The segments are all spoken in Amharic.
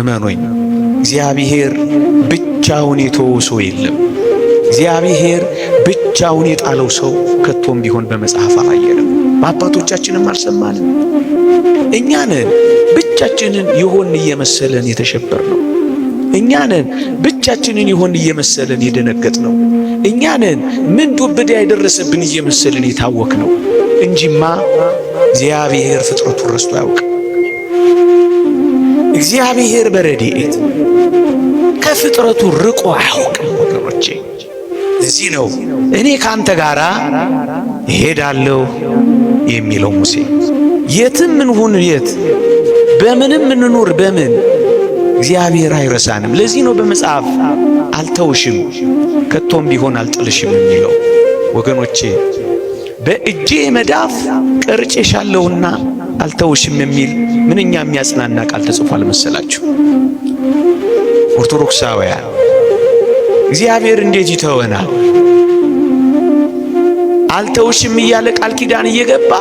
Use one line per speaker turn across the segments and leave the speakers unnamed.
እመኑኝ፣ እግዚአብሔር ብቻውን የተወው ሰው የለም። እግዚአብሔር ብቻውን የጣለው ሰው ከቶም ቢሆን በመጽሐፍ አላየንም፣ በአባቶቻችንም አልሰማንም። እኛንን ብቻችንን የሆን እየመሰለን የተሸበር ነው። እኛንን ብቻችንን የሆን እየመሰለን የደነገጥ ነው። እኛንን ምን ዱብ ዕዳ እየመሰልን እየመሰለን የታወክ ነው እንጂማ እግዚአብሔር ፍጥረቱን ረስቶ አያውቅም። እግዚአብሔር በረድኤት ከፍጥረቱ ርቆ አያውቅም። ወገኖቼ እዚህ ነው እኔ ካንተ ጋራ እሄዳለሁ የሚለው ሙሴ። የትም እንሁን የት በምንም እንኑር በምን እግዚአብሔር አይረሳንም። ለዚህ ነው በመጽሐፍ አልተውሽም ከቶም ቢሆን አልጥልሽም የሚለው ወገኖቼ በእጄ መዳፍ ቀርጬሻለሁና አልተውሽም የሚል ምንኛ የሚያጽናና ቃል ተጽፏል መሰላችሁ? ኦርቶዶክሳውያን እግዚአብሔር እንዴት ይተወናል? አልተውሽም እያለ ቃል ኪዳን እየገባ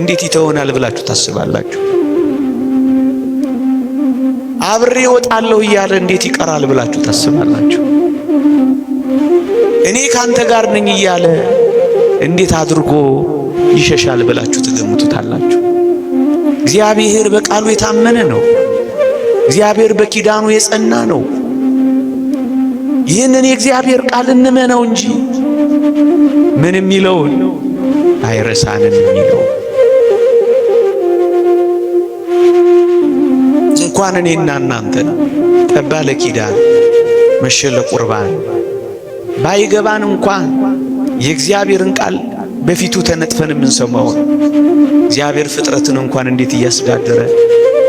እንዴት ይተወናል ብላችሁ ታስባላችሁ? አብሬ እወጣለሁ እያለ እንዴት ይቀራል ብላችሁ ታስባላችሁ? እኔ ካንተ ጋር ነኝ እያለ እንዴት አድርጎ ይሸሻል ብላችሁ ትገምቱታላችሁ? እግዚአብሔር በቃሉ የታመነ ነው። እግዚአብሔር በኪዳኑ የጸና ነው። ይህንን የእግዚአብሔር ቃል እንመነው እንጂ ምን የሚለውን አይረሳንም የሚለው እንኳን እኔና እናንተ ጠባለ ኪዳን መሸለ ቁርባን ባይገባን እንኳን የእግዚአብሔርን ቃል በፊቱ ተነጥፈን የምንሰማውን እግዚአብሔር ፍጥረትን እንኳን እንዴት እያስዳደረ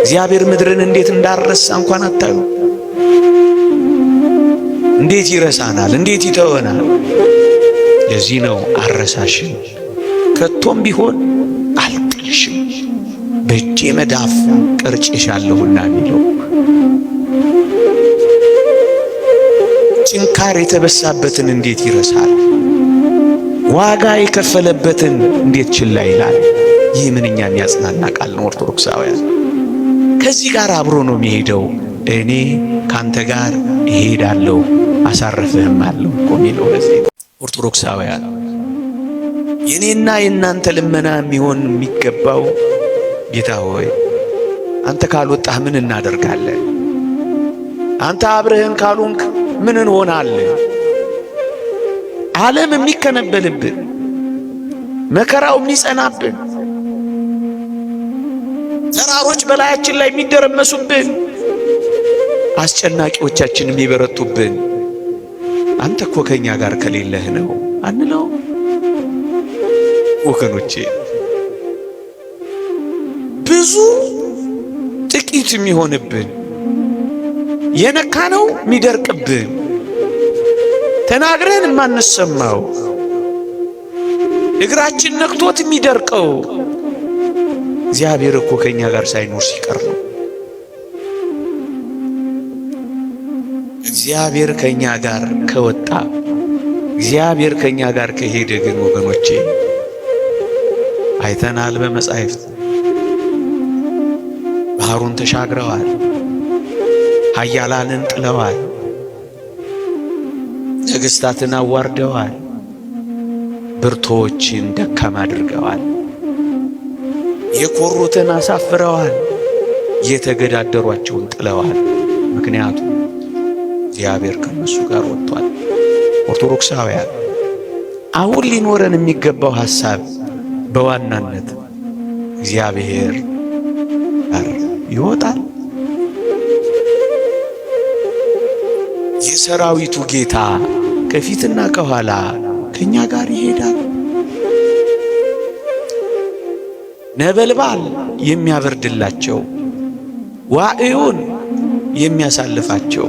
እግዚአብሔር ምድርን እንዴት እንዳረሳ እንኳን አታዩ። እንዴት ይረሳናል? እንዴት ይተወናል? ለዚህ ነው አረሳሽን ከቶም ቢሆን አልጥልሽም፣ በእጄ መዳፍ ቀርጬሻለሁና የሚለው ጭንካር የተበሳበትን እንዴት ይረሳል? ዋጋ የከፈለበትን እንዴት ችላ ይላል? ይህ ምንኛ የሚያጽናና ቃል ነው። ኦርቶዶክሳውያን ከዚህ ጋር አብሮ ነው የሚሄደው። እኔ ካንተ ጋር እሄዳለሁ አሳርፍህም አለው እኮ የሚለው ለዚህ ኦርቶዶክሳውያን የእኔና የእናንተ ልመና የሚሆን የሚገባው ጌታ ሆይ አንተ ካልወጣህ ምን እናደርጋለን? አንተ አብረህን ካሉንክ ምን እንሆናለን? ዓለም የሚከነበልብን መከራው የሚጸናብን ተራሮች በላያችን ላይ የሚደረመሱብን አስጨናቂዎቻችን የሚበረቱብን አንተ እኮ ከኛ ጋር ከሌለህ ነው አንለው። ወገኖቼ ብዙ ጥቂት የሚሆንብን የነካ ነው የሚደርቅብን ተናግረን የማንሰማው እግራችን ነክቶት የሚደርቀው እግዚአብሔር እኮ ከኛ ጋር ሳይኖር ሲቀር ነው። እግዚአብሔር ከኛ ጋር ከወጣ እግዚአብሔር ከኛ ጋር ከሄደ ግን ወገኖቼ አይተናል። በመጻሕፍት ባህሩን ተሻግረዋል፣ ኃያላንን ጥለዋል። ነገሥታትን አዋርደዋል። ብርቶችን ደካማ አድርገዋል። የኮሩትን አሳፍረዋል። የተገዳደሯቸውን ጥለዋል። ምክንያቱም እግዚአብሔር ከነሱ ጋር ወጥቷል። ኦርቶዶክሳውያን አሁን ሊኖረን የሚገባው ሐሳብ በዋናነት እግዚአብሔር ይወጣል። የሰራዊቱ ጌታ ከፊትና ከኋላ ከኛ ጋር ይሄዳል። ነበልባል የሚያበርድላቸው፣ ዋዕዩን የሚያሳልፋቸው፣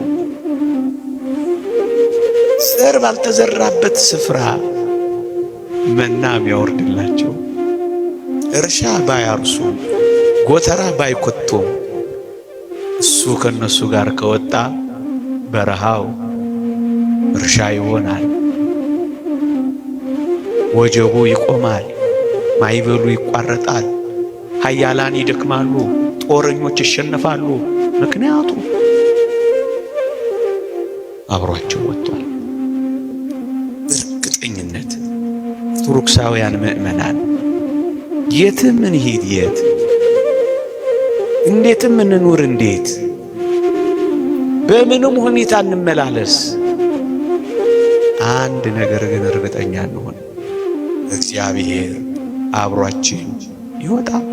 ዘር ባልተዘራበት ስፍራ መና የሚያወርድላቸው፣ እርሻ ባያርሱ ጎተራ ባይኮቶም እሱ ከነሱ ጋር ከወጣ በረሃው እርሻ ይሆናል። ወጀቡ ይቆማል፣ ማይበሉ ይቋረጣል። ኃያላን ይደክማሉ፣ ጦረኞች ይሸነፋሉ። ምክንያቱ አብሯቸው ወጥቷል። እርግጠኝነት ቱሩክሳውያን ምእመናን የትም እንሂድ፣ የት እንዴትም እንኑር፣ እንዴት በምንም ሁኔታ እንመላለስ። አንድ ነገር ግን እርግጠኛ እንሆን፣ እግዚአብሔር አብሯችን ይወጣል።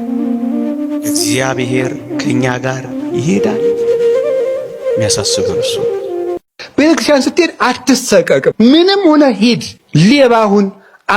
እግዚአብሔር ከእኛ ጋር ይሄዳል። የሚያሳስበን እሱ።
ቤተ ክርስቲያን ስትሄድ አትሰቀቅም። ምንም ሆነ ሂድ፣ ሌባሁን፣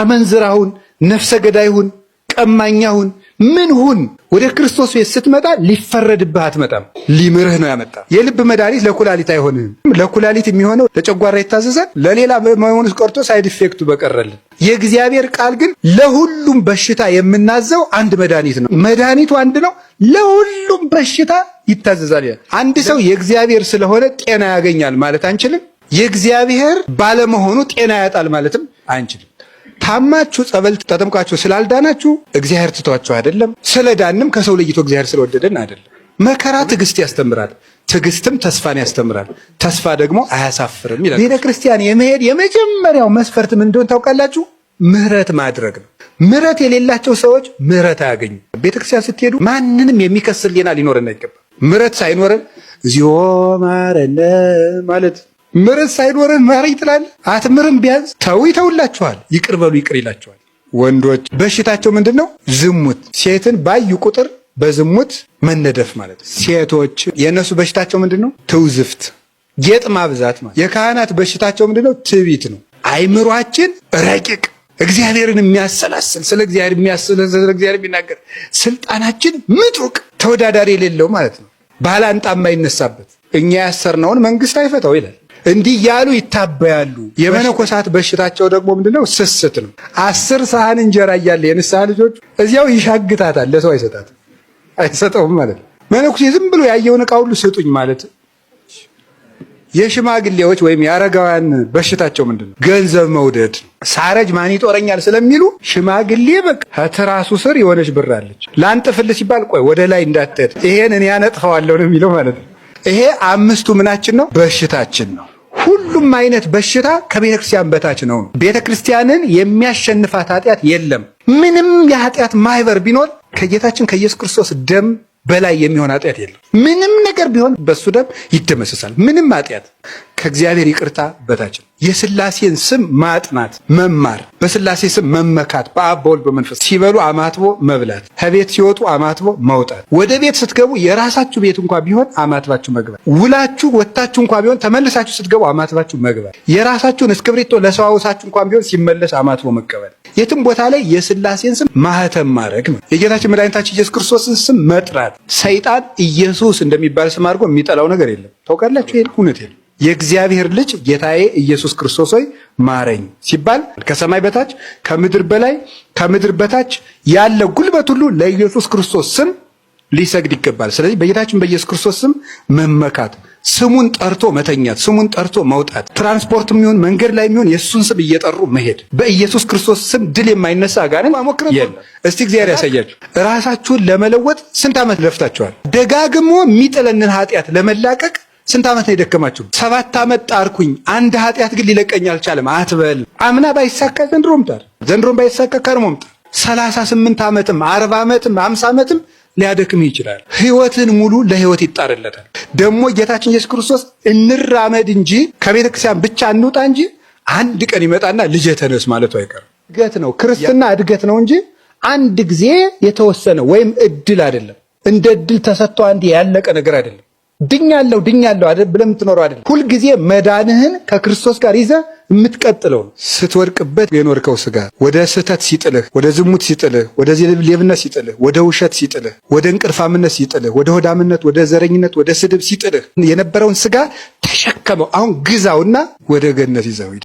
አመንዝራሁን፣ ነፍሰ ገዳይሁን፣ ቀማኛሁን ምን ሁን ወደ ክርስቶስ ቤት ስትመጣ ሊፈረድብህ አትመጣም፣ ሊምርህ ነው ያመጣ። የልብ መድኃኒት ለኩላሊት አይሆንህም። ለኩላሊት የሚሆነው ለጨጓራ የታዘዘ ለሌላ መሆኑስ ቀርቶ ሳይድ ኢፌክቱ በቀረልን። የእግዚአብሔር ቃል ግን ለሁሉም በሽታ የምናዘው አንድ መድኃኒት ነው። መድኃኒቱ አንድ ነው፣ ለሁሉም በሽታ ይታዘዛል። አንድ ሰው የእግዚአብሔር ስለሆነ ጤና ያገኛል ማለት አንችልም። የእግዚአብሔር ባለመሆኑ ጤና ያጣል ማለትም አንችልም። ታማችሁ ጸበል ተጠምቃችሁ ስላልዳናችሁ እግዚአብሔር ትቷችሁ አይደለም። ስለዳንም ከሰው ለይቶ እግዚአብሔር ስለወደደን አይደለም። መከራ ትዕግስት ያስተምራል። ትዕግስትም ተስፋን ያስተምራል። ተስፋ ደግሞ አያሳፍርም ይላል። ቤተ ክርስቲያን የመሄድ የመጀመሪያው መስፈርት ምን እንደሆነ ታውቃላችሁ? ምህረት ማድረግ ነው። ምህረት የሌላቸው ሰዎች ምህረት አያገኙ። ቤተክርስቲያን ስትሄዱ ማንንም የሚከስል ሊኖረን አይገባም። ምህረት ሳይኖረን እዚሁ ማረነ ማለት ምርት ሳይኖርህ ማረኝ ትላለህ። አትምርም ቢያንስ ተው ይተውላችኋል። ይቅር በሉ ይቅር ይላችኋል። ወንዶች በሽታቸው ምንድን ነው? ዝሙት። ሴትን ባዩ ቁጥር በዝሙት መነደፍ ማለት ነው። ሴቶች የእነሱ በሽታቸው ምንድን ነው? ትውዝፍት፣ ጌጥ ማብዛት ማለት። የካህናት በሽታቸው ምንድን ነው? ትዕቢት ነው። አይምሯችን ረቂቅ እግዚአብሔርን የሚያሰላስል ስለ እግዚአብሔር የሚያስል ስለ እግዚአብሔር የሚናገር ስልጣናችን ምጡቅ ተወዳዳሪ የሌለው ማለት ነው። ባላንጣ የማይነሳበት እኛ ያሰርነውን መንግስት አይፈታው ይላል። እንዲህ እያሉ ይታበያሉ። የመነኮሳት በሽታቸው ደግሞ ምንድነው? ስስት ነው። አስር ሳህን እንጀራ እያለ የንስሐ ልጆች እዚያው ይሻግታታል። ለሰው አይሰጣት አይሰጠውም ማለት ነው። መነኩሴ ዝም ብሎ ያየውን እቃ ሁሉ ስጡኝ ማለት የሽማግሌዎች ወይም የአረጋውያን በሽታቸው ምንድነው? ገንዘብ መውደድ። ሳረጅ ማን ይጦረኛል ስለሚሉ ሽማግሌ በቃ ከትራሱ ስር የሆነች ብር አለች። ላንጥፍል ሲባል ቆይ ወደ ላይ እንዳትሄድ ይሄን እኔ ያነጥፈዋለሁ ነው የሚለው ማለት ነው። ይሄ አምስቱ ምናችን ነው? በሽታችን ነው። ሁሉም አይነት በሽታ ከቤተ ክርስቲያን በታች ነው። ቤተ ክርስቲያንን የሚያሸንፋት ኃጢአት የለም። ምንም የኃጢአት ማህበር ቢኖር ከጌታችን ከኢየሱስ ክርስቶስ ደም በላይ የሚሆን ኃጢአት የለም። ምንም ነገር ቢሆን በሱ ደም ይደመሰሳል ምንም ኃጢአት ከእግዚአብሔር ይቅርታ በታች ነው። የስላሴን ስም ማጥናት መማር፣ በስላሴ ስም መመካት፣ በአብ በወልድ በመንፈስ ሲበሉ አማትቦ መብላት፣ ከቤት ሲወጡ አማትቦ መውጣት፣ ወደ ቤት ስትገቡ የራሳችሁ ቤት እንኳ ቢሆን አማትባችሁ መግባት፣ ውላችሁ ወታችሁ እንኳ ቢሆን ተመልሳችሁ ስትገቡ አማትባችሁ መግባት፣ የራሳችሁን እስክብሪቶ ለሰዋውሳችሁ እንኳ ቢሆን ሲመለስ አማትቦ መቀበል፣ የትም ቦታ ላይ የስላሴን ስም ማህተም ማድረግ ነው። የጌታችን መድኃኒታችን ኢየሱስ ክርስቶስን ስም መጥራት፣ ሰይጣን ኢየሱስ እንደሚባል ስም አድርጎ የሚጠላው ነገር የለም። ታውቃላችሁ፣ ይህን እውነት የለም። የእግዚአብሔር ልጅ ጌታዬ ኢየሱስ ክርስቶስ ሆይ ማረኝ ሲባል ከሰማይ በታች ከምድር በላይ ከምድር በታች ያለ ጉልበት ሁሉ ለኢየሱስ ክርስቶስ ስም ሊሰግድ ይገባል። ስለዚህ በጌታችን በኢየሱስ ክርስቶስ ስም መመካት፣ ስሙን ጠርቶ መተኛት፣ ስሙን ጠርቶ መውጣት፣ ትራንስፖርት የሚሆን መንገድ ላይ የሚሆን የእሱን ስም እየጠሩ መሄድ፣ በኢየሱስ ክርስቶስ ስም ድል የማይነሳ አጋንንት የለም። እስቲ እግዚአብሔር ያሳያችሁ። ራሳችሁን ለመለወጥ ስንት ዓመት ለፍታችኋል? ደጋግሞ የሚጥለንን ኃጢአት ለመላቀቅ ስንት ዓመት ነው የደከማችሁ? ሰባት ዓመት ጣርኩኝ፣ አንድ ኃጢአት ግን ሊለቀኝ አልቻለም አትበል። አምና ባይሳካ ዘንድሮም ጣር፣ ዘንድሮም ባይሳካ ከርሞም ጣር። ሰላሳ ስምንት ዓመትም አርባ ዓመትም አምሳ ዓመትም ሊያደክም ይችላል። ህይወትን ሙሉ ለህይወት ይጣርለታል። ደግሞ ጌታችን ኢየሱስ ክርስቶስ እንራመድ እንጂ ከቤተ ክርስቲያን ብቻ እንውጣ እንጂ አንድ ቀን ይመጣና ልጄ ተነስ ማለቱ አይቀርም። እድገት ነው ክርስትና፣ እድገት ነው እንጂ አንድ ጊዜ የተወሰነ ወይም እድል አይደለም። እንደ እድል ተሰጥቶ አንድ ያለቀ ነገር አይደለም። ድኛለሁ ድኛለሁ አይደል ብለህ የምትኖረው አይደል። ሁልጊዜ መዳንህን ከክርስቶስ ጋር ይዘህ የምትቀጥለው ስትወድቅበት የኖርከው ስጋ ወደ ስህተት ሲጥልህ፣ ወደ ዝሙት ሲጥልህ፣ ወደ ሌብነት ሲጥልህ፣ ወደ ውሸት ሲጥልህ፣ ወደ እንቅልፋምነት ሲጥልህ፣ ወደ ሆዳምነት፣ ወደ ዘረኝነት፣ ወደ ስድብ ሲጥልህ የነበረውን ስጋ ተሸከመው። አሁን ግዛውና ወደ ገነት ይዘው